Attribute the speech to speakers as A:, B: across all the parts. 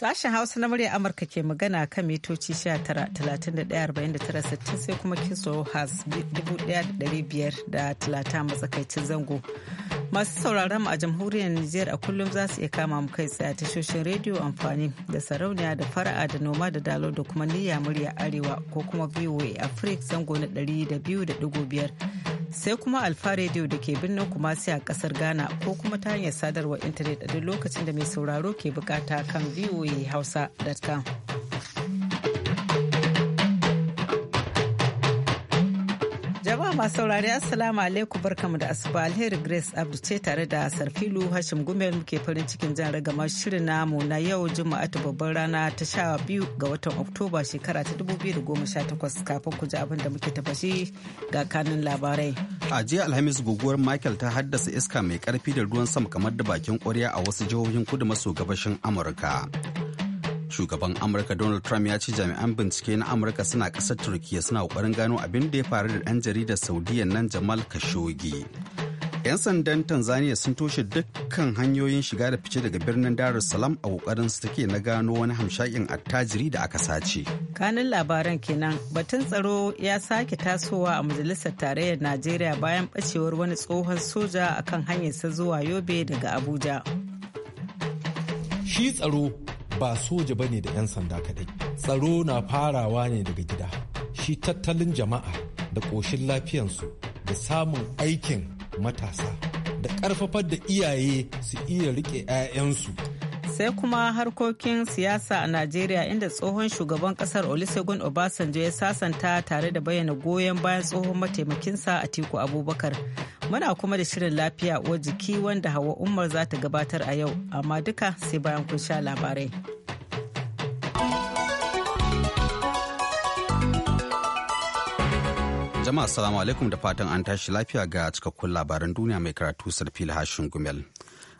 A: Sashen Hausa na murya Amurka ke magana kan mitoci 19,31,49,60 sai kuma kiso has 1,530 matsakaicin zango. masu sauraron a jamhuriyar Nijar a kullum za su iya kama mu kai tsaye tashoshin rediyo amfani da sarauniya da fara'a da noma da dalo da kuma niyya murya arewa ko kuma VOA afirik zango na da da biyu biyar sai kuma alfa rediyo da ke birnin sai a kasar Ghana ko kuma ta hanyar sadarwar intanet a duk lokacin da mai sauraro ke bukata kan hausa.com. masu saurari assalamu alaikum barkamu da asuba alheri grace abdu ce tare da sarfilu hashim gumel muke farin cikin jan ragama shirin namu na yau juma'a ta babban rana ta sha biyu ga watan oktoba shekara ta da goma takwas kafin ku ji abin da muke tafashi ga kanin labarai
B: a jiya alhamis guguwar michael ta haddasa iska mai karfi da ruwan sama kamar da bakin kwarya a wasu jihohin kudu maso gabashin amurka shugaban amurka donald trump ya ce jami'an bincike na amurka suna kasar turkiya suna ƙoƙarin gano abin da ya faru da ɗan jaridar saudiya nan jamal khashoggi 'yan sandan tanzania sun toshe dukkan hanyoyin shiga da fice daga birnin dar es salaam a kokarin su take na gano wani hamshakin attajiri da aka sace
A: kanin labaran kenan batun tsaro ya sake tasowa a majalisar tarayyar najeriya bayan bacewar wani tsohon soja a kan hanyarsa zuwa yobe daga abuja
C: shi tsaro ba soja ba ne da 'yan sanda kadai tsaro na farawa ne daga gida shi tattalin jama'a da ƙoshin lafiyansu da samun aikin matasa da ƙarfafar da iyaye su iya riƙe 'ya'yansu
A: sai kuma harkokin siyasa a najeriya inda tsohon shugaban kasar olusegun obasanjo ya sasanta tare da bayyana goyon bayan tsohon mataimakinsa a tiku abubakar muna kuma da shirin lafiya wa jiki wanda hawa umar za ta gabatar a yau amma duka sai bayan kun sha labarai
B: jama'a salamu alaikum da fatan an tashi lafiya ga cikakkun labaran duniya mai karatu sarfil hashin gumel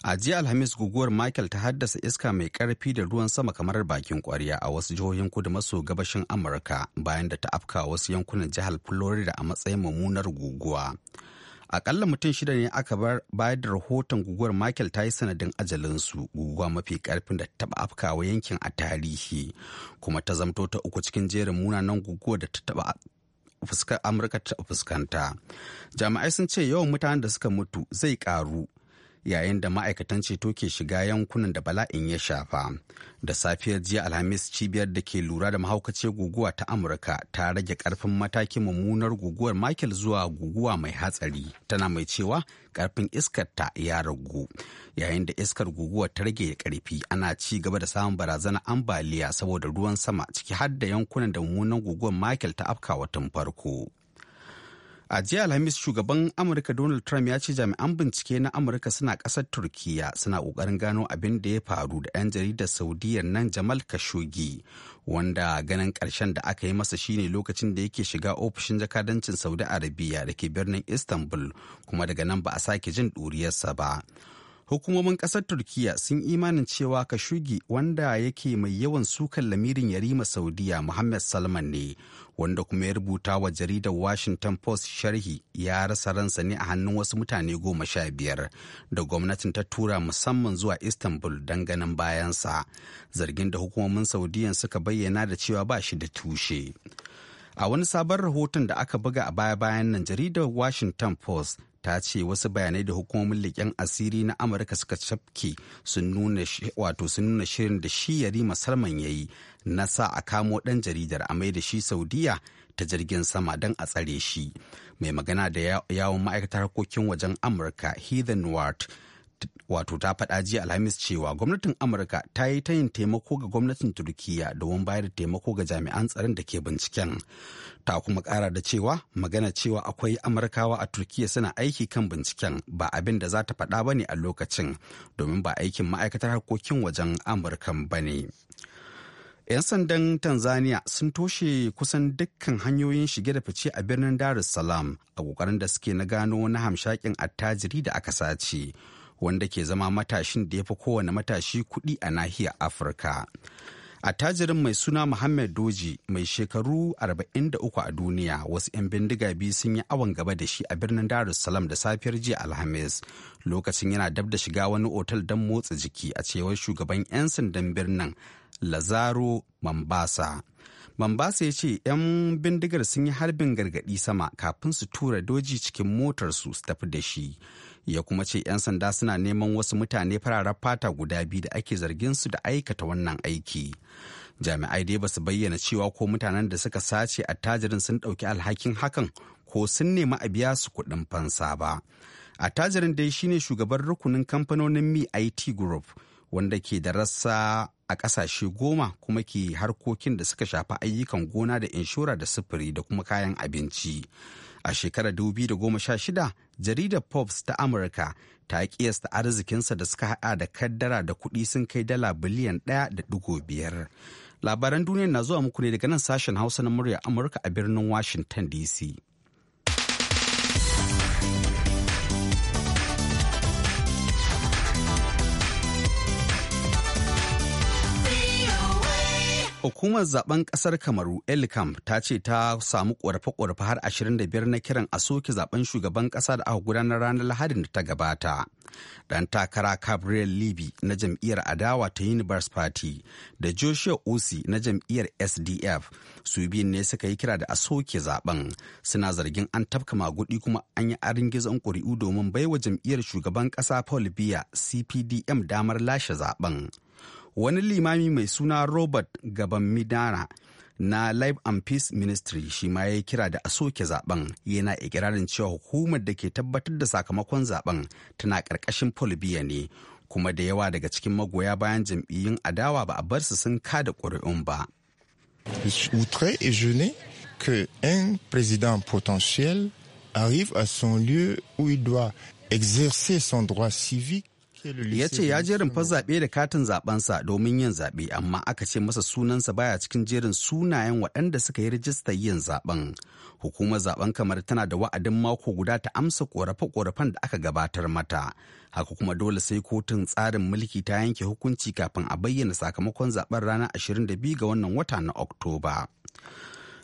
B: A jiya Alhamis guguwar Michael ta haddasa iska mai karfi da ruwan sama kamar bakin kwarya a wasu jihohin kudu maso gabashin Amurka bayan da ta afka wasu yankunan jihar Florida a matsayin mummunar guguwa. Akalla mutum shida ne aka bar bayar da rahoton guguwar Michael ta yi sanadin ajalinsu guguwa mafi karfin da taɓa afkawa yankin a tarihi kuma ta zamto ta uku cikin jerin munanan guguwa da ta taba Amurka ta fuskanta. Jami'ai sun ce yawan mutanen da suka mutu zai ƙaru. yayin da ma'aikatan ceto ke shiga yankunan da bala'in ya shafa da safiyar jiya alhamis cibiyar da ke lura da mahaukacin guguwa ta amurka ta rage karfin matakin mummunar guguwar michael zuwa guguwa mai hatsari tana mai cewa karfin iskar ta ya ragu yayin da iskar guguwar ta rage karfi ana ci gaba da samun barazanar ambaliya saboda ruwan sama ciki har da yankunan da mummunan guguwar michael ta afka watan farko a jiya alhamis shugaban amurka donald trump ya ce jami'an bincike na amurka suna ƙasar turkiya suna ƙoƙarin gano abin da ya faru da 'yan jaridar saudiya nan jamal khashoggi wanda ganin karshen da aka yi masa shine lokacin da yake shiga ofishin jakadancin saudi arabiya da ke birnin istanbul kuma daga nan ba a sake jin ɗuriyarsa ba hukumomin ƙasar turkiya sun imanin cewa kashugi wanda yake mai yawan sukan lamirin yarima saudiya muhammad salman ne wanda kuma ya rubuta wa jaridar washington post sharhi ya rasa ransa ne a hannun wasu mutane goma sha biyar da gwamnatin ta tura musamman zuwa istanbul don ganin bayansa zargin da hukumomin saudiya suka bayyana da cewa ba shi da tushe a wani sabon rahoton da aka buga a baya-bayan nan jaridar washington post ta ce wasu bayanai da hukumomin leƙen asiri na amurka suka cafke sun nuna shirin da shi yarima salman ya yi na sa a kamo ɗan jaridar a mai da shi saudiya ta jirgin sama don a tsare shi mai magana da yawon ma'aikatar harkokin wajen amurka heathen ward wato ta faɗa jiya alhamis cewa gwamnatin amurka ta yi tayin taimako ga gwamnatin turkiya domin bayar da taimako ga jami'an tsaron da ke binciken ta kuma ƙara da cewa magana cewa akwai amurkawa a turkiya suna aiki kan binciken ba abin da za ta faɗa ba ne a lokacin domin ba aikin ma'aikatar harkokin wajen amurkan ba ne 'Yan sandan Tanzania sun toshe kusan dukkan hanyoyin shige da fice a birnin Dar es Salaam a kokarin da suke na gano na hamshakin attajiri da aka sace. wanda ke zama matashin da ya fi kowane matashi kuɗi a nahiyar afirka A tajirin mai suna muhammad doji mai shekaru 43 a duniya wasu 'yan bindiga biyu sun yi awon gaba da shi a birnin darussalam da safiyar jiya alhamis lokacin yana dab da shiga wani otal don motsa jiki a cewar shugaban 'yan sandan birnin lazaro mambasa Mambasa ya ce 'yan bindigar sun yi harbin gargaɗi sama kafin su tura doji cikin motarsu su tafi da shi. ya kuma ce 'yan sanda suna neman wasu mutane fararen fata guda biyu da ake zargin su da aikata wannan aiki jami'ai dai basu bayyana cewa ko mutanen da suka sace attajirin sun ɗauki alhakin hakan ko sun nemi a biya su kuɗin fansa ba attajirin dai shine shugaban rukunin kamfanonin mi it group wanda ke da rassa a ƙasashe goma kuma ke harkokin da suka shafi ayyukan gona da inshora da sufuri da kuma kayan abinci a shekarar 2016 jaridar Forbes ta Amurka ta kiyasta arzikinsa da suka hada da kaddara da kuɗi sun kai dala biliyan ɗaya da dugo biyar. Labaran duniya na zuwa muku ne daga nan sashen Hausa na murya Amurka a birnin Washington DC. Hukumar zaben kasar Kamaru Elcam ta ce ta samu ƙorafe-ƙorafe har 25 na kiran a soke zaben shugaban ƙasa da aka gudanar ranar Lahadin da ta gabata. Dan takara Gabriel Libby na jam'iyyar Adawa ta Universe Party da Joshua Osi na jam'iyyar SDF su biyun ne suka yi kira da a soke zaben suna zargin an tafka magudi kuma an yi arin gizon ƙuri'u domin baiwa jam'iyyar shugaban ƙasa Paul Biya CPDM damar lashe zaben. wani limami mai suna robert midara na life and peace ministry shi ma ya kira da a soke zaben yana ikirarin cewa hukumar da ke tabbatar da sakamakon zaben tana ƙarƙashin polibiya ne kuma da yawa daga cikin magoya bayan jam'iyyun adawa ba a bar su sun da ƙuri'un
A: ba. outré que un président potentiel arrive à son lieu où il doit exercer son droit civique ya ce ya
B: jerin rumfar zaɓe da katin zaɓensa domin yin zaɓe amma aka ce masa sunansa baya cikin jerin sunayen waɗanda suka yi rijistar yin zaɓen hukumar zaɓen kamar tana da wa'adin mako guda ta amsa ƙorafe-ƙorafen da aka gabatar mata haka kuma dole sai kotun tsarin mulki ta yanke hukunci kafin a bayyana sakamakon zaɓen ranar 22 ga wannan wata na oktoba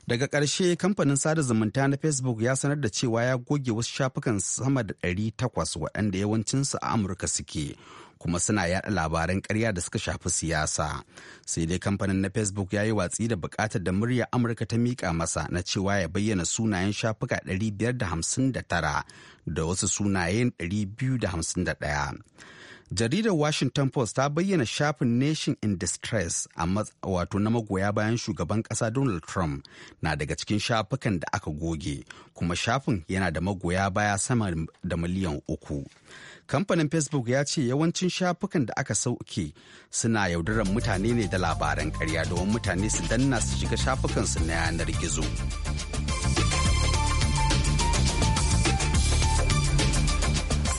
B: daga ƙarshe kamfanin sada zumunta na facebook ya sanar da cewa ya goge wasu shafukan sama da ɗari takwas waɗanda yawancinsu a amurka suke kuma suna yaɗa labaran ƙarya da suka shafi siyasa sai dai kamfanin na facebook ya yi watsi da buƙatar da murya amurka ta miƙa masa na cewa ya bayyana sunayen shafuka 559 da wasu sunayen 251 jaridar washington post ta bayyana shafin nation in distress a wato na magoya bayan shugaban kasa donald trump na daga cikin shafukan da aka goge kuma shafin yana da magoya baya sama da miliyan uku kamfanin facebook ya ce yawancin shafukan da aka sauke suna yaudarar mutane ne da labaran karya domin mutane su danna su shiga shafukansu na yanar gizo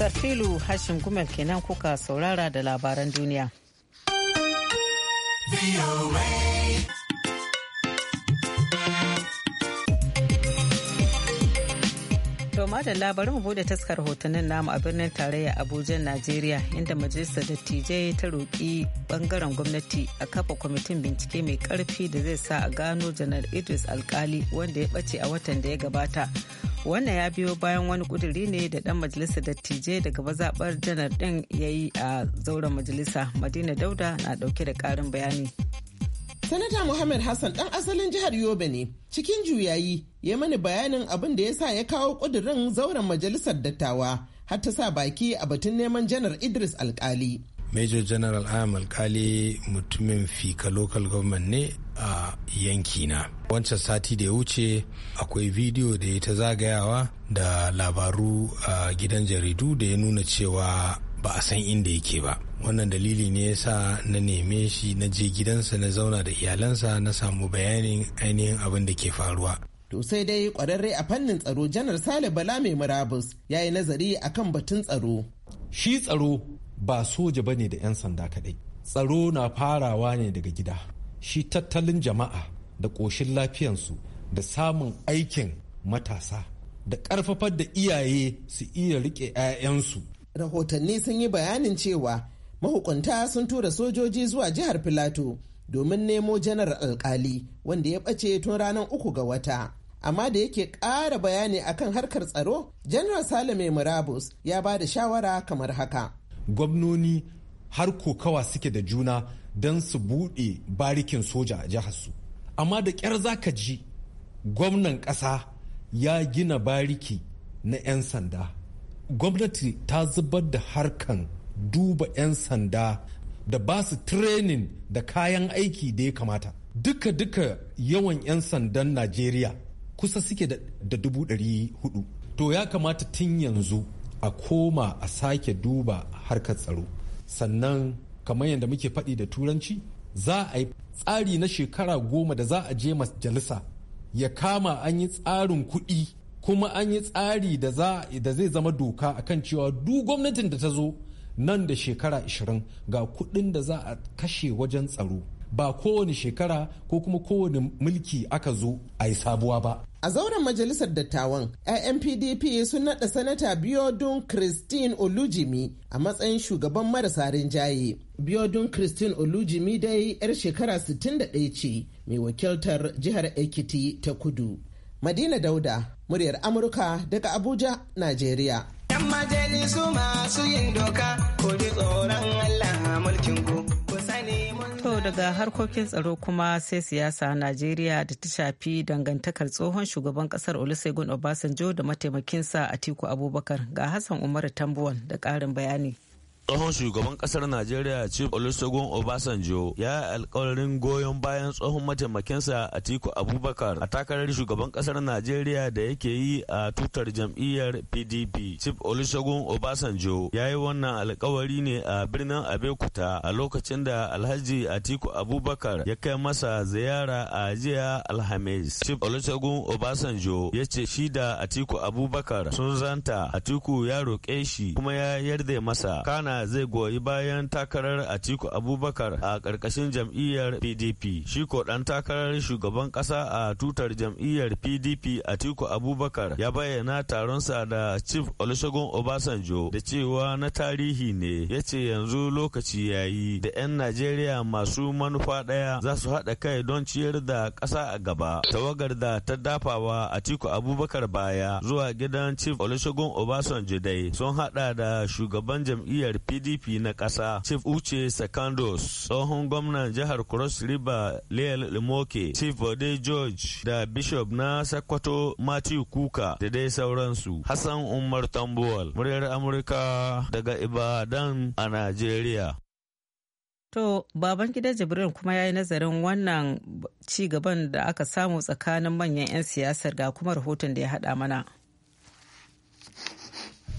A: filu Hashim Gumel kenan kuka saurara da labaran duniya. Toma da labarin bude taskar hotunan namu a birnin tarayya Abuja, Najeriya, inda Majalisar Dattijai ta roƙi bangaren gwamnati a kafa kwamitin bincike mai ƙarfi da zai sa a gano janar Idris Alkali wanda ya ɓace a watan da ya gabata. wannan ya biyo bayan wani kuduri ne da dan majalisar dattijai daga mazaɓar janar din ya yi
D: a zauren majalisa madina dauda na ɗauke da karin bayani sanata muhammad hassan ɗan asalin jihar yobe ne cikin juyayi ya mani bayanin abin da ya sa ya kawo kudurin zauren majalisar dattawa har ta sa baki a batun neman janar idris alkali
C: major general amal alkali mutumin fika local government ne a yanki na. wancan sati da ya wuce akwai bidiyo da ya ta zagayawa da labaru a gidan jaridu da ya nuna cewa ba a san inda yake ba wannan dalili ne ya sa na neme shi na je gidansa na zauna da iyalansa na samu bayanin ainihin abin da ke faruwa
D: To sai dai kwararre a fannin tsaro janar Sale Bala mai murabus ya yi nazari akan batun tsaro. Shi tsaro
C: ba soja ba ne da 'yan sanda kaɗai tsaro na farawa ne daga gida shi tattalin jama'a da ƙoshin lafiyansu da samun aikin matasa da ƙarfafar da iyaye su iya riƙe
D: 'ya'yansu rahotanni sun yi bayanin cewa mahukunta sun tura sojoji zuwa jihar filato domin nemo janar alkali wanda ya ɓace tun ranar uku ga wata amma da yake ƙara bayani akan harkar tsaro janar salome murabus ya ba da shawara kamar haka
C: gwamnoni har kokawa suke da juna don su buɗe barikin soja a jiharsu amma da ƙyar za ka ji gwamnan ƙasa ya gina bariki na 'yan sanda gwamnati ta zubar da harkan duba 'yan sanda da ba su training da kayan aiki da ya kamata duka-duka yawan 'yan sandan najeriya kusa suke da dubu to ya kamata tun yanzu a koma a sake duba harkar tsaro sannan kamar yadda muke faɗi da turanci za a yi tsari na shekara goma da za a je majalisa ya kama an yi tsarin kuɗi kuma an yi tsari da zai zama doka akan cewa duk gwamnatin da ta zo nan da shekara 20 ga kuɗin da za a kashe wajen tsaro ba kowane shekara
D: ko kuma kowane mulki aka zo a yi sabuwa ba A zauren majalisar dattawan, 'ya'yan PDP sun naɗa sanata Biodun Christine Olujimi a matsayin shugaban marasa rinjaye. Biodun Christine Olujimi dai 'yar shekara 61 ce mai wakiltar jihar Ekiti ta kudu. Madina Dauda, muryar Amurka daga Abuja, Najeriya. 'Yan majalisu masu yin doka, ko daga harkokin tsaro kuma sai
A: siyasa Najeriya da ta shafi dangantakar tsohon shugaban kasar Olusegun Obasanjo da mataimakinsa Atiku Abubakar ga Hassan Umaru Tambuwan da ƙarin bayani.
E: tsohon shugaban kasar najeriya chief olusegun obasanjo ya yi alkawarin goyon bayan tsohon mataimakinsa atiku abubakar a takarar shugaban kasar najeriya da yake yi a tutar jam'iyyar pdp chief olusegun obasanjo ya yi wannan alkawari ne a birnin abeokuta a lokacin da alhaji atiku abubakar ya kai masa ziyara a jiya alhamis chief olusegun obasanjo ya ce shi da atiku abubakar sun zanta atiku ya roƙe shi kuma ya yarda masa kana Ghana zai goyi bayan takarar Atiku Abubakar a ƙarƙashin jam'iyyar PDP. Shi ko ɗan takarar shugaban ƙasa a tutar jam'iyyar PDP Atiku Abubakar ya bayyana taronsa da Chief Olusegun Obasanjo da cewa na tarihi ne ya ce yanzu lokaci ya yi da 'yan Najeriya masu manufa ɗaya za su haɗa kai don ciyar da ƙasa a gaba. Tawagar da ta dafawa Atiku Abubakar baya zuwa gidan Chief Olusegun Obasanjo dai sun haɗa da shugaban jam'iyyar pdp na ƙasa chief uche secondos tsohon gwamnan jihar cross river leal limoke chief bode george da bishop na sakwato matthew kuka da dai sauransu hassan umar tambuwal muryar amurka daga ibadan a najeriya
A: To, baban gida Jibrin kuma ya yi nazarin wannan ci gaban da aka samu tsakanin manyan 'yan siyasar ga kuma rahoton da ya haɗa mana.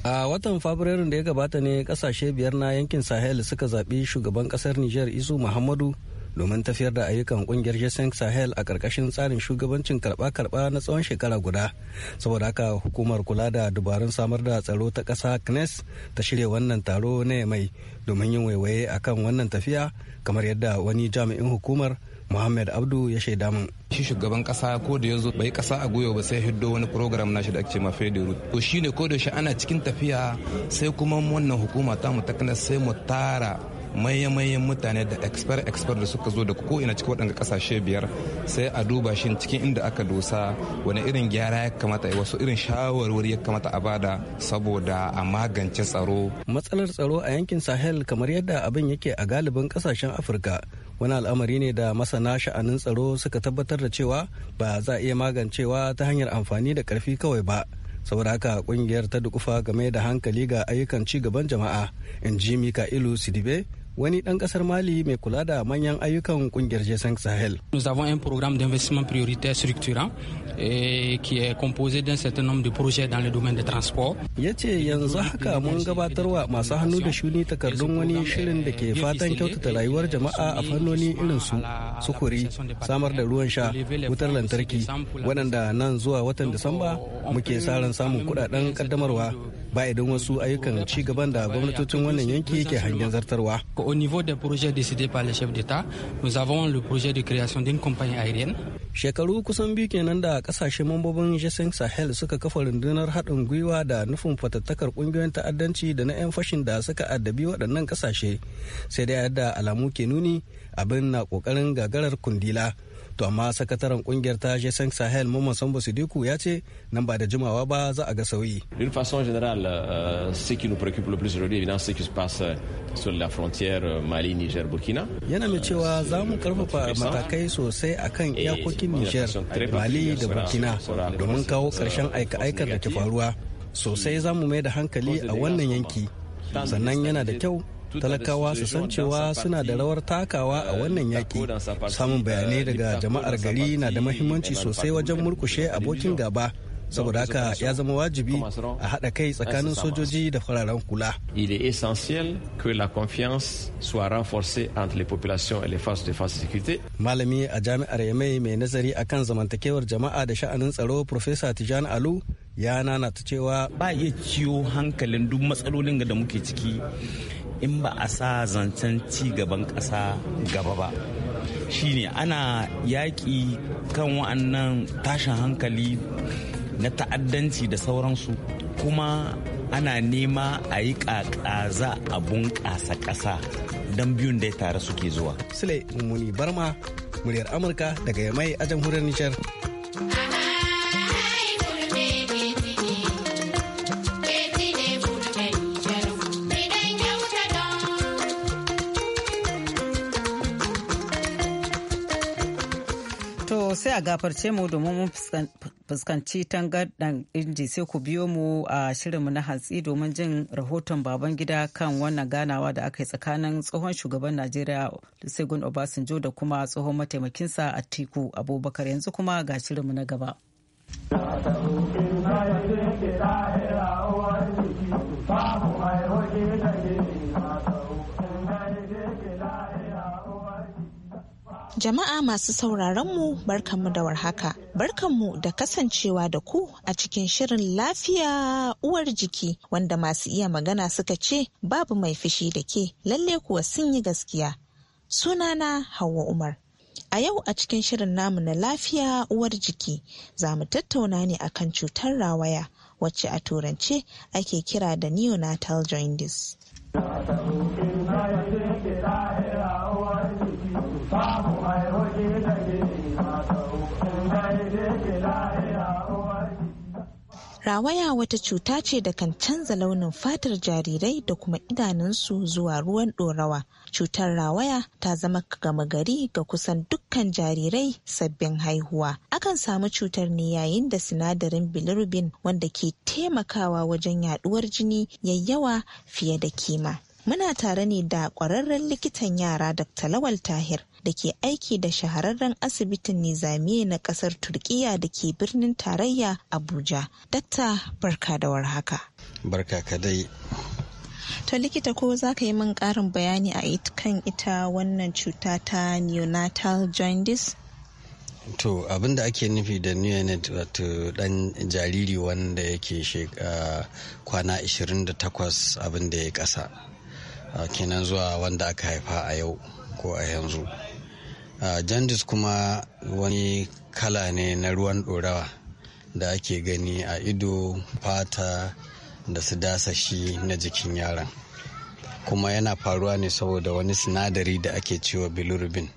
F: a watan fabrairun da ya gabata ne kasashe biyar na yankin sahel suka zaɓi shugaban ƙasar nijar isu muhammadu domin tafiyar da ayyukan kungiyar jesen sahel a ƙarƙashin tsarin shugabancin karɓa-karɓa na tsawon shekara guda saboda haka hukumar kula da dubarun samar da tsaro ta ƙasa knes ta shirya wannan taro na mai domin yin waiwaye akan wannan tafiya kamar yadda wani jami'in hukumar Muhammad Abdu ya shaida min.
C: Shi shugaban kasa ko da ya zo bai kasa a gwiwa ba sai hiddo wani program shi da ake ma Federal. To shine ko da shi ana cikin tafiya sai kuma wannan hukuma ta mu ta sai mu tara manyan mutane da expert expert da suka zo da ko ina cikin waɗanda kasashe biyar sai a duba shi cikin inda aka dosa wani irin gyara ya kamata a wasu irin shawarwari
F: ya kamata a bada saboda a magance tsaro matsalar tsaro a yankin sahel kamar yadda abin yake a galibin kasashen afirka wani al'amari ne da masana sha'anin tsaro suka tabbatar da cewa ba za a iya magancewa ta hanyar amfani da karfi kawai ba saboda haka kungiyar ta dukufa game da hankali ga ayyukan ci gaban jama'a in ji ilu sidibe wani dan ƙasar Mali mai kula da manyan ayyukan ƙungiyar g Sahel. Nous avons un programme d'investissement prioritaire structurant eh, qui est composé d'un certain nombre de projets dans le domaine de transport. Ya ce yanzu haka mun gabatarwa masu hannu da shuni takardun wani shirin da ke fatan kyautata rayuwar jama'a a fannoni irin su sukuri, samar da ruwan sha, wutar lantarki, waɗanda nan zuwa watan Disamba muke sa samun kuɗaɗen kaddamarwa ba idan wasu ayyukan ci gaban da gwamnatocin wannan yanki ke hangen zartarwa. au niveau des projets décidés par les chefs d'État, nous avons le projet de création d'une compagnie aérienne. Shekaru kusan biyu kenan da kasashe mambobin G5 Sahel suka kafa rundunar haɗin gwiwa da nufin fatattakar ƙungiyoyin ta'addanci da na 'yan fashin da suka addabi waɗannan kasashe. Sai dai yadda alamu ke nuni abin na ƙoƙarin gagarar kundila. to amma sakataren kungiyar ta jason sahel mamman sambo sidiku ya ce nan ba da jimawa ba za a ga sauyi
E: d'une façon générale euh, ce qui nous préoccupe le plus aujourd'hui évidemment ce qui se passe euh, sur
D: la frontière euh, mali niger burkina
F: yana mai cewa za mu karfafa matakai sosai akan iyakokin niger mali da burkina
D: domin kawo karshen
F: aika-aikar da ke faruwa sosai za mu mai da hankali a wannan yanki sannan yana da kyau talakawa su san cewa suna da rawar takawa a wannan yaki samun bayanai daga jama'ar gari na da mahimmanci sosai wajen murkushe abokin gaba saboda haka ya zama wajibi a haɗa kai tsakanin sojoji da fararen kula.
E: Il est essentiel que la confiance soit renforcée entre les populations et les forces de force
F: Malami a jami'ar Yamai mai nazari a kan zamantakewar jama'a da sha'anin tsaro Professor tijan Alu
E: ya nanata cewa ba ya ciwo hankalin duk matsalolin da muke ciki in ba a sa zancen ci gaban ƙasa gaba ba shine ana yaƙi kan wa'annan tashin hankali na ta'addanci da sauransu kuma ana nema a yi ƙaƙaza a bunƙasa ƙasa don biyun da ya tare suke zuwa.
F: Sule muni Barma,
E: muryar Amurka
F: daga Yamai a jamhuriyar Nijar.
A: a gafarce mu domin mun fuskanci tangardan inji sai ku biyo mu a shirinmu na hatsi domin jin rahoton baban gida kan wannan ganawa da aka yi tsakanin tsohon shugaban najeriya olusegun obasanjo da kuma tsohon mataimakinsa atiku abubakar yanzu kuma ga shirinmu na gaba
G: Jama'a masu sauraronmu barkanmu da warhaka. Barkanmu da kasancewa da ku a cikin shirin lafiya uwar jiki wanda masu iya magana suka ce babu mai fishi da ke lalle kuwa sun yi gaskiya. Sunana Hauwa Umar. A yau a cikin shirin namu na lafiya uwar jiki za mu tattauna ne akan cutar rawaya wacce a turance ake kira da neonatal jaundice. Rawaya wata cuta ce da kan canza launin fatar jarirai da kuma idanunsu zuwa ruwan ɗorawa. Cutar rawaya ta zama gama gari ga kusan dukkan jarirai sabbin haihuwa. Akan samu cutar ne yayin da sinadarin bilirubin wanda ke taimakawa wajen Yaɗuwar jini yayyawa fiye da kima. Muna tare ne da kwararren likitan yara Dr. Lawal Tahir da ke aiki da shahararren asibitin Nizamiye na kasar Turkiya da ke birnin tarayya Abuja. dr
H: barka da warhaka. Barka kadai.
G: To likita ko za ka yi min ƙarin bayani a kan ita wannan cuta ta neonatal jaundice?
H: To abin da ake nufi da neonate wato dan jariri wanda yake kwana 28 abin da ya kasa. kenan zuwa wanda aka haifa a yau ko a yanzu jandis kuma wani kala ne na ruwan ɗorawa da ake gani a ido fata da su dasa shi na jikin yaron kuma yana faruwa ne saboda wani sinadari da ake cewa bilirubin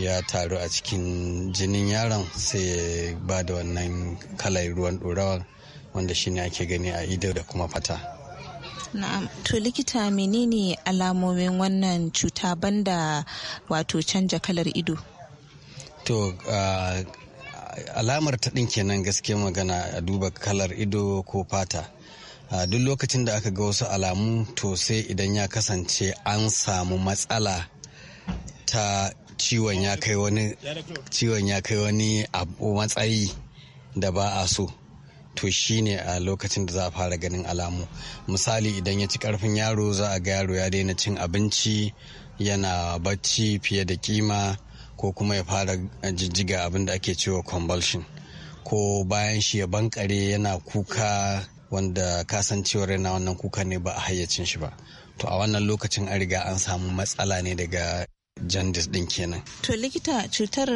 H: ya taru a cikin jinin yaron sai ya ba da wannan kalar ruwan ɗorawa wanda shine ake gani a ido da kuma fata
G: Na'am, to likita menene alamomin wannan cuta banda wato canja kalar ido?
H: To alamar ta ɗin kenan gaske magana a duba kalar ido ko fata. Uh, duk lokacin da aka ga wasu alamu to sai idan ya kasance an samu matsala ta ciwon ya kai wani matsayi da ba a so. to shi ne a lokacin da za a fara ganin alamu misali idan ya ci karfin yaro za a ga yaro ya daina cin abinci yana bacci fiye da kima ko kuma ya fara jijjiga abin da ake cewa convulsion ko bayan shi ya bankare yana kuka wanda kasancewar yana wannan kuka ne ba a hayyacin shi ba to a wannan lokacin an riga an samu matsala ne daga jandis din kenan.
G: To likita cutar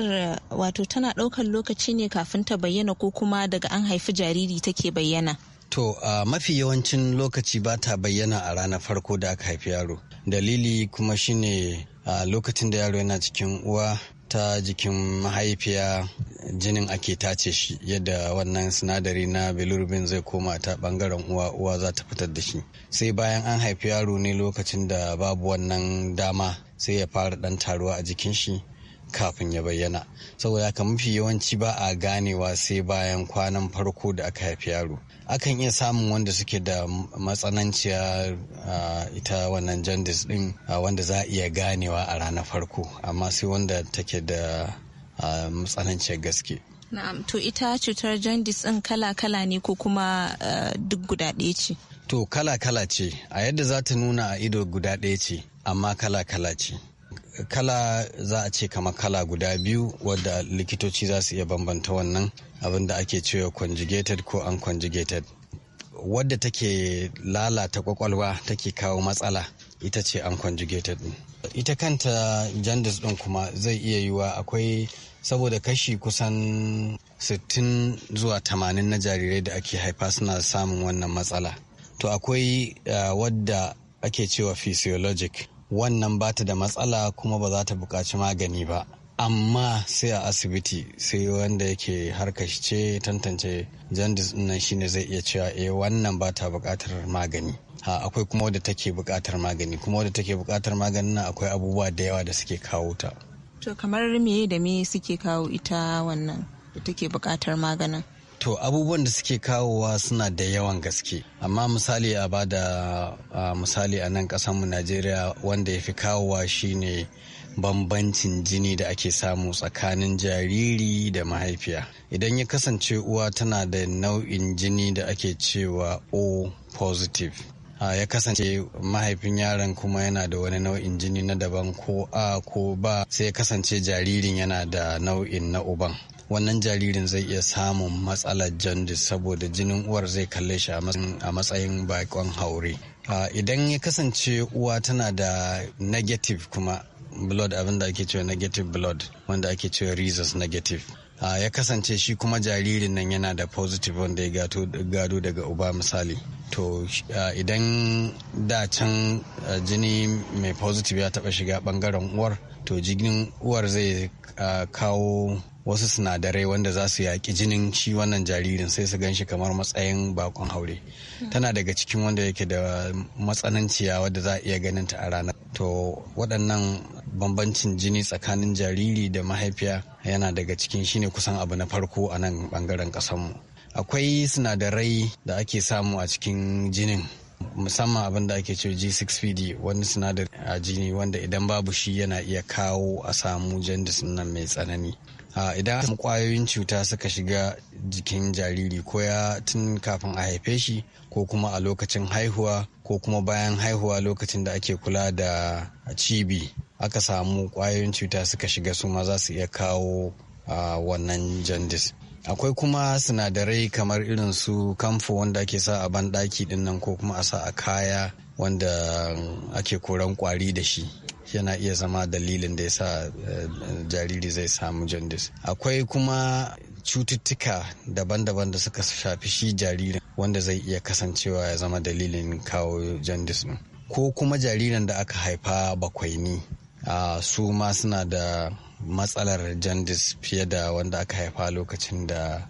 G: wato tana ɗaukar lokaci ne kafin ta bayyana ko kuma daga an haifi jariri take bayyana?
H: To uh, mafi yawancin lokaci ba ta bayyana a ranar farko da aka haifi yaro. Dalili kuma shine a lokacin da yaro yana cikin uwa ta jikin mahaifiya jinin ake tace shi yadda wannan sinadari na bilirubin zai koma ta bangaren uwa uwa za ta fitar da shi sai bayan an haifi yaro ne lokacin da babu wannan dama sai ya fara dan taruwa a jikin shi kafin ya bayyana saboda haka mafi yawanci ba a ganewa sai bayan kwanan farko da aka haifi yaro akan iya samun wanda suke da matsananciya ita wannan jandis din wanda za a iya ganewa a ranar farko amma sai wanda take da matsananciyar gaske
G: na'am to ita cutar jandis din kala-kala ne ko kuma
H: duk guda ɗaya ce to kala-kala ce a yadda za ta nuna a ido guda ɗaya ce amma kala-kala ce kala za a ce kama kala guda biyu wadda likitoci za su iya bambanta wannan abin da ake cewa conjugated ko unconjugated wadda take lalata kwakwalwa take kawo matsala ita ce unconjugated ita kanta jandis din kuma zai iya yiwa akwai saboda kashi kusan 60 zuwa 80 na jarirai da ake haifa suna samun wannan matsala to akwai uh, wadda ake cewa physiologic wannan ba ta da matsala kuma ba za ta buƙaci magani ba amma sai a asibiti sai wanda yake harkashi ce tantance jandis nan shine zai iya cewa eh wannan ba ta buƙatar magani ha akwai kuma wadda take buƙatar magani kuma wadda take buƙatar maganin nan akwai abubuwa da yawa da suke kawo ta
G: to kamar me da me suke kawo ita wannan da take buƙatar maganin
H: To abubuwan da suke kawowa suna da yawan gaske. Amma misali a bada misali a nan mu Najeriya wanda ya fi kawowa shine bambancin jini da ake samu tsakanin jariri da mahaifiya. Idan ya kasance uwa tana da nau'in jini da ake cewa O positive. a ya kasance mahaifin yaron kuma yana da wani nau'in jini na daban ko a ko ba sai ya kasance jaririn yana da nau'in na uban wannan jaririn zai iya samun matsalar jaundice saboda jinin uwar zai kalle shi a matsayin bakon haure idan ya kasance uwa tana da negative kuma blood abin da ake cewa negative blood wanda ake cewa rhesus negative Uh, ya kasance shi kuma jaririn nan yana da positive wanda ya gado daga uba misali to uh, idan da can jini mai positive ya taba shiga bangaren uwar to jinin uwar zai kawo wasu sinadarai wanda za su yaƙi jinin shi wannan jaririn sai su gan shi kamar matsayin bakon haure tana daga cikin wanda yake da matsananciya wadda za a iya ganin ta a ranar to waɗannan bambancin jini tsakanin jariri da mahaifiya yana daga cikin shine kusan abu na farko a nan ɓangaren ƙasanmu akwai sinadarai da ake samu a cikin jinin musamman abin da ake cewa G6PD wani sinadari a jini wanda idan babu shi yana iya kawo a samu jandis nan mai tsanani. idan kwayoyin cuta suka shiga jikin jariri ko ya tun kafin a haife shi ko kuma a lokacin haihuwa ko kuma bayan haihuwa lokacin da ake kula da cibi aka samu kwayoyin cuta suka shiga su ma za su iya kawo wannan jandis akwai kuma sinadarai kamar irin su kamfo wanda ake sa a banɗaki ɗin nan ko kuma a sa a kaya wanda ake koran kwari da shi yana iya zama dalilin da ya sa eh, jariri zai samu jandis akwai kuma cututtuka daban-daban da suka shafi shi jaririn wanda zai iya kasancewa ya zama dalilin kawo jandis ko kuma jaririn da aka haifa bakwai ne. su ma suna da matsalar jandis fiye da wanda aka haifa lokacin da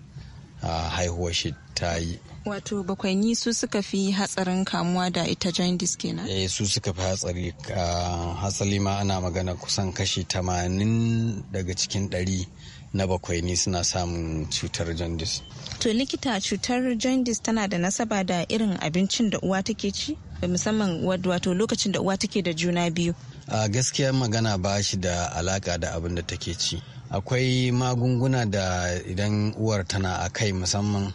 H: haihuwar shi ta yi
G: wato bakwaini su suka fi hatsarin kamuwa da ita jaundice kenan
H: eh su suka fi hatsari ah, hatsari ma ana magana kusan kashi 80 daga cikin 100 na bakwaini suna samun cutar jaundice
G: to likita cutar jaundice tana da nasaba da irin abincin da uwa take ci musamman wato lokacin da uwa take da juna
H: biyu a gaskiya magana ba shi da alaka da abin da take ci akwai magunguna da idan uwar tana a kai musamman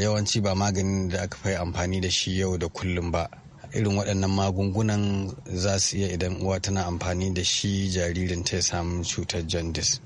H: yawanci ba maganin da aka fi amfani da shi yau da kullum ba irin waɗannan magungunan za su iya idan uwa tana amfani da shi jaririn ta samu cutar jandis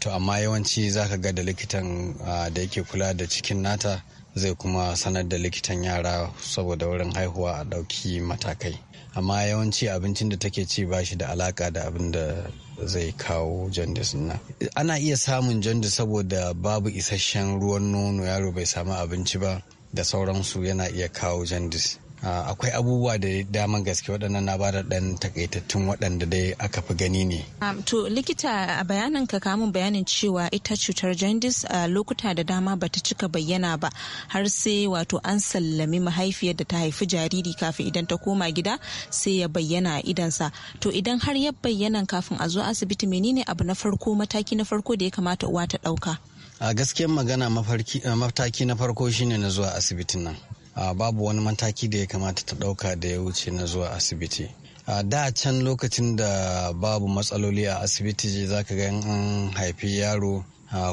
H: to amma yawanci za ka ga da likitan da yake kula da cikin nata zai kuma sanar da likitan yara saboda wurin haihuwa a ɗauki matakai amma yawanci abincin da take ci ba shi da alaka da abin da zai kawo jandis na ana iya samun jandis saboda babu isasshen ruwan nono yaro bai samu abinci ba da sauransu yana iya kawo jandis Ah, akwai abubuwa da daman gaske waɗannan na ba bada ɗan takaitattun waɗanda dai aka fi gani ne.
G: Um, to likita a bayanin ka kamun bayanin cewa ita cutar jandis a ah, lokuta da dama ba ta cika bayyana ba har sai wato an sallami mahaifiyar da ta haifi jariri kafin idan ta koma gida sai ya bayyana a idansa to idan har ya bayyana kafin a zo asibiti menene abu na farko mataki na farko da ya kamata
H: uwa ta ɗauka. a gaskiyar magana eh, mataki na farko shine na zuwa asibitin nan babu wani mataki da ya kamata ta ɗauka da ya wuce na zuwa asibiti a da can lokacin da babu matsaloli a asibiti za ka ga an haifi yaro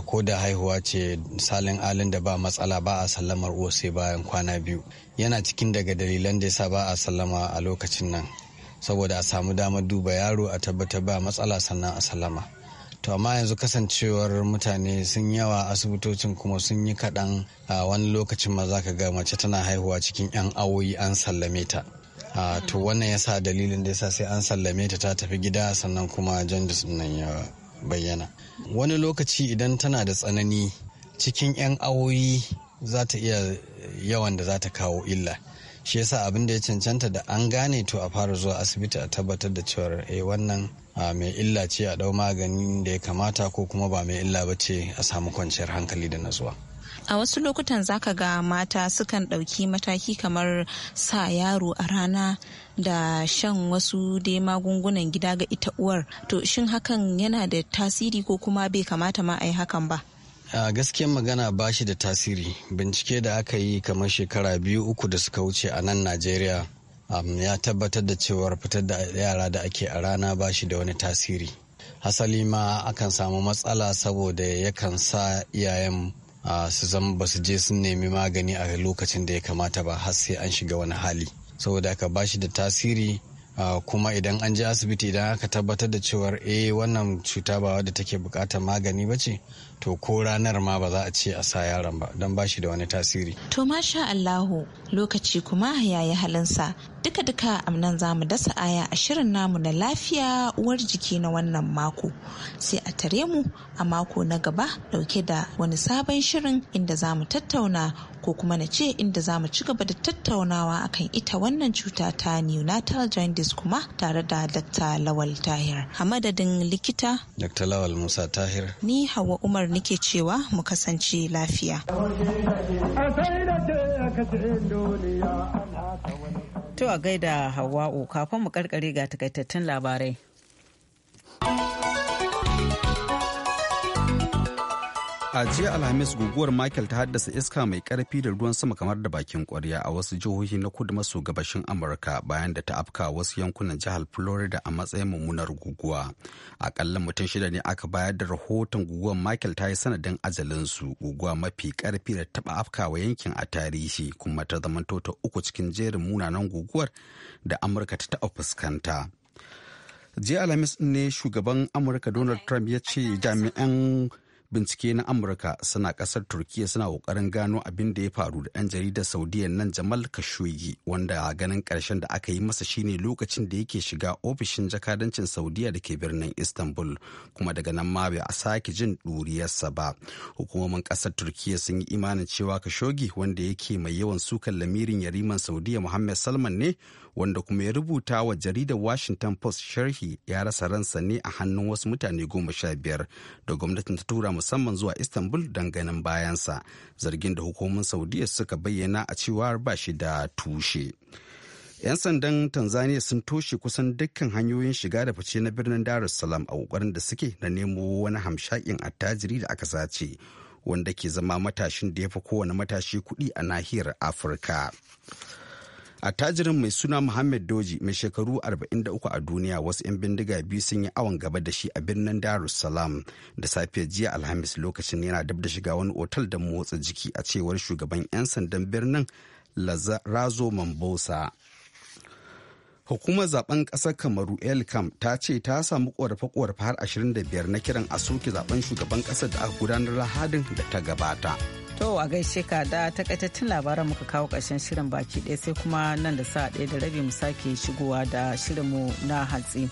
H: ko da haihuwa ce salin alin da ba matsala ba a sallamar uwa sai bayan kwana biyu yana cikin daga dalilan da yasa ba a sallama a lokacin nan saboda a samu damar duba yaro a tabbatar ba matsala sannan a sallama to amma yanzu kasancewar mutane sun yawa asibitocin kuma sun yi kaɗan a wani lokacin ma za ka ga mace tana haihuwa cikin 'yan awoyi an sallame ta to wannan ya sa dalilin da ya sa sai an sallame ta ta tafi gida sannan kuma jandis nan ya bayyana wani lokaci idan tana da tsanani cikin 'yan awoyi za ta iya yawan da za ta kawo illa shi yasa abin da ya cancanta da an gane to a fara zuwa asibiti a tabbatar da cewar eh wannan mai illa ce a dau maganin da ya kamata ko kuma ba mai illa ba ce a samu kwanciyar hankali da natsuwa.
G: a wasu lokutan zaka ga mata sukan ɗauki mataki kamar sa yaro a rana da shan wasu dai magungunan gida ga ita uwar to shin hakan yana da tasiri ko kuma bai kamata ma a yi hakan ba
H: a gaskiyar magana ba shi da tasiri bincike da aka yi kamar shekara biyu uku da suka wuce a nan najeriya Um, ya tabbatar da cewar fitar da yara da ake a rana ba shi da wani tasiri hasali ma akan samu matsala saboda yakan sa iyayen uh, su zama ba su je sun nemi magani a lokacin da ya kamata ba har sai an shiga wani hali saboda aka ba shi da tasiri uh, kuma idan an je asibiti idan aka tabbatar da cewar eh wannan cuta ba wadda take bukatar magani ba ce to ko ranar ma ba za a ce a sa yaron ba don ba shi da wani tasiri.
G: To masha Allahu lokaci kuma yayi halinsa duka duka amnan za mu dasa aya a shirin namu na lafiya uwar jiki na wannan mako sai a tare mu a mako na gaba dauke da wani sabon shirin inda za mu tattauna ko kuma na ce inda za mu ci gaba da tattaunawa akan ita wannan cuta ta neonatal jaundice kuma tare da Dr. Lawal Tahir. A madadin likita.
H: Dr. Lawal Musa Tahir.
G: Ni Hawa Umar nike cewa mu kasance lafiya. To a gaida Hawa'u kafin mu karkare ga takaitattun
A: labarai.
B: a jiya alhamis guguwar michael ta haddasa iska mai karfi da ruwan sama kamar da bakin kwarya a wasu jihohi na kudu maso gabashin amurka bayan da ta afka wasu yankunan jihar florida a matsayin mummunar guguwa akalla mutum shida ne aka bayar da rahoton guguwar michael ta yi sanadin ajalinsu guguwa mafi karfi da taba wa yankin a tarihi kuma ta zama ta uku cikin jerin munanan guguwar da amurka ta taɓa fuskanta jiya alhamis ne shugaban amurka donald trump ya ce jami'an bincike na amurka suna kasar turkiya suna kokarin gano abin da ya faru da ɗan jaridar saudiya nan jamal khashoggi wanda a ganin ƙarshen da aka yi masa shine lokacin da yake shiga ofishin jakadancin saudiya da ke birnin istanbul kuma daga nan ma bai a sake jin ɗuriyarsa ba hukumomin ƙasar turkiya sun yi imanin cewa kashogi wanda yake mai yawan sukan lamirin yariman saudiya muhammad salman ne wanda kuma ya rubuta wa jaridar washington post sharhi ya rasa ransa ne a hannun wasu mutane goma sha biyar da gwamnatin ta tura musamman zuwa Istanbul don ganin bayansa zargin da hukumomin Saudiya suka bayyana a cewa ba shi da tushe. 'Yan sandan Tanzania sun toshe kusan dukkan hanyoyin shiga da fice na birnin Dar a kokarin da suke na nemo wani hamshakin attajiri da aka sace wanda ke zama matashin da ya fi kowane matashi kuɗi a nahiyar Afirka. attajirin mai suna muhammad doji mai shekaru 43 a duniya wasu 'yan bindiga biyu sun yi awon gaba da shi a birnin darussalam da safiyar jiya alhamis lokacin yana dab da shiga wani otal da motsa jiki a cewar shugaban 'yan sandan birnin razo mambosa hukumar zaben kasar kamaru Elkam ta ce ta samu korafe-korafe har 25 na kiran a soke zaben shugaban kasar da aka gudanar lahadin da ta gabata
A: To a gaishe ka da takaitattun labaran muka kawo ƙarshen shirin baki ɗaya sai kuma nan da sa ɗaya da rabi mu sake shigowa da shirinmu na hatsi.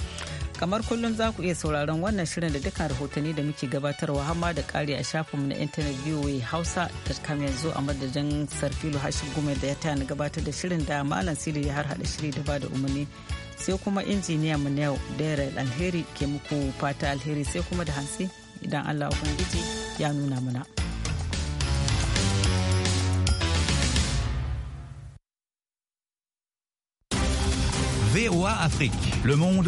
A: kamar kullum za ku iya sauraron wannan shirin da dukkan rahotanni da muke gabatarwa har ma da ƙari a shafinmu na intanet voa kam yanzu a madadin sarfilo hashin gume da ya ni gabatar da shirin da malam sili ya harhaɗa shiri da bada umarni sai kuma injiniya mu na yau daryl alheri ke muku fata alheri sai kuma da hantsi idan allah ubangiji ya nuna mana.
E: VOA Afrique. Le monde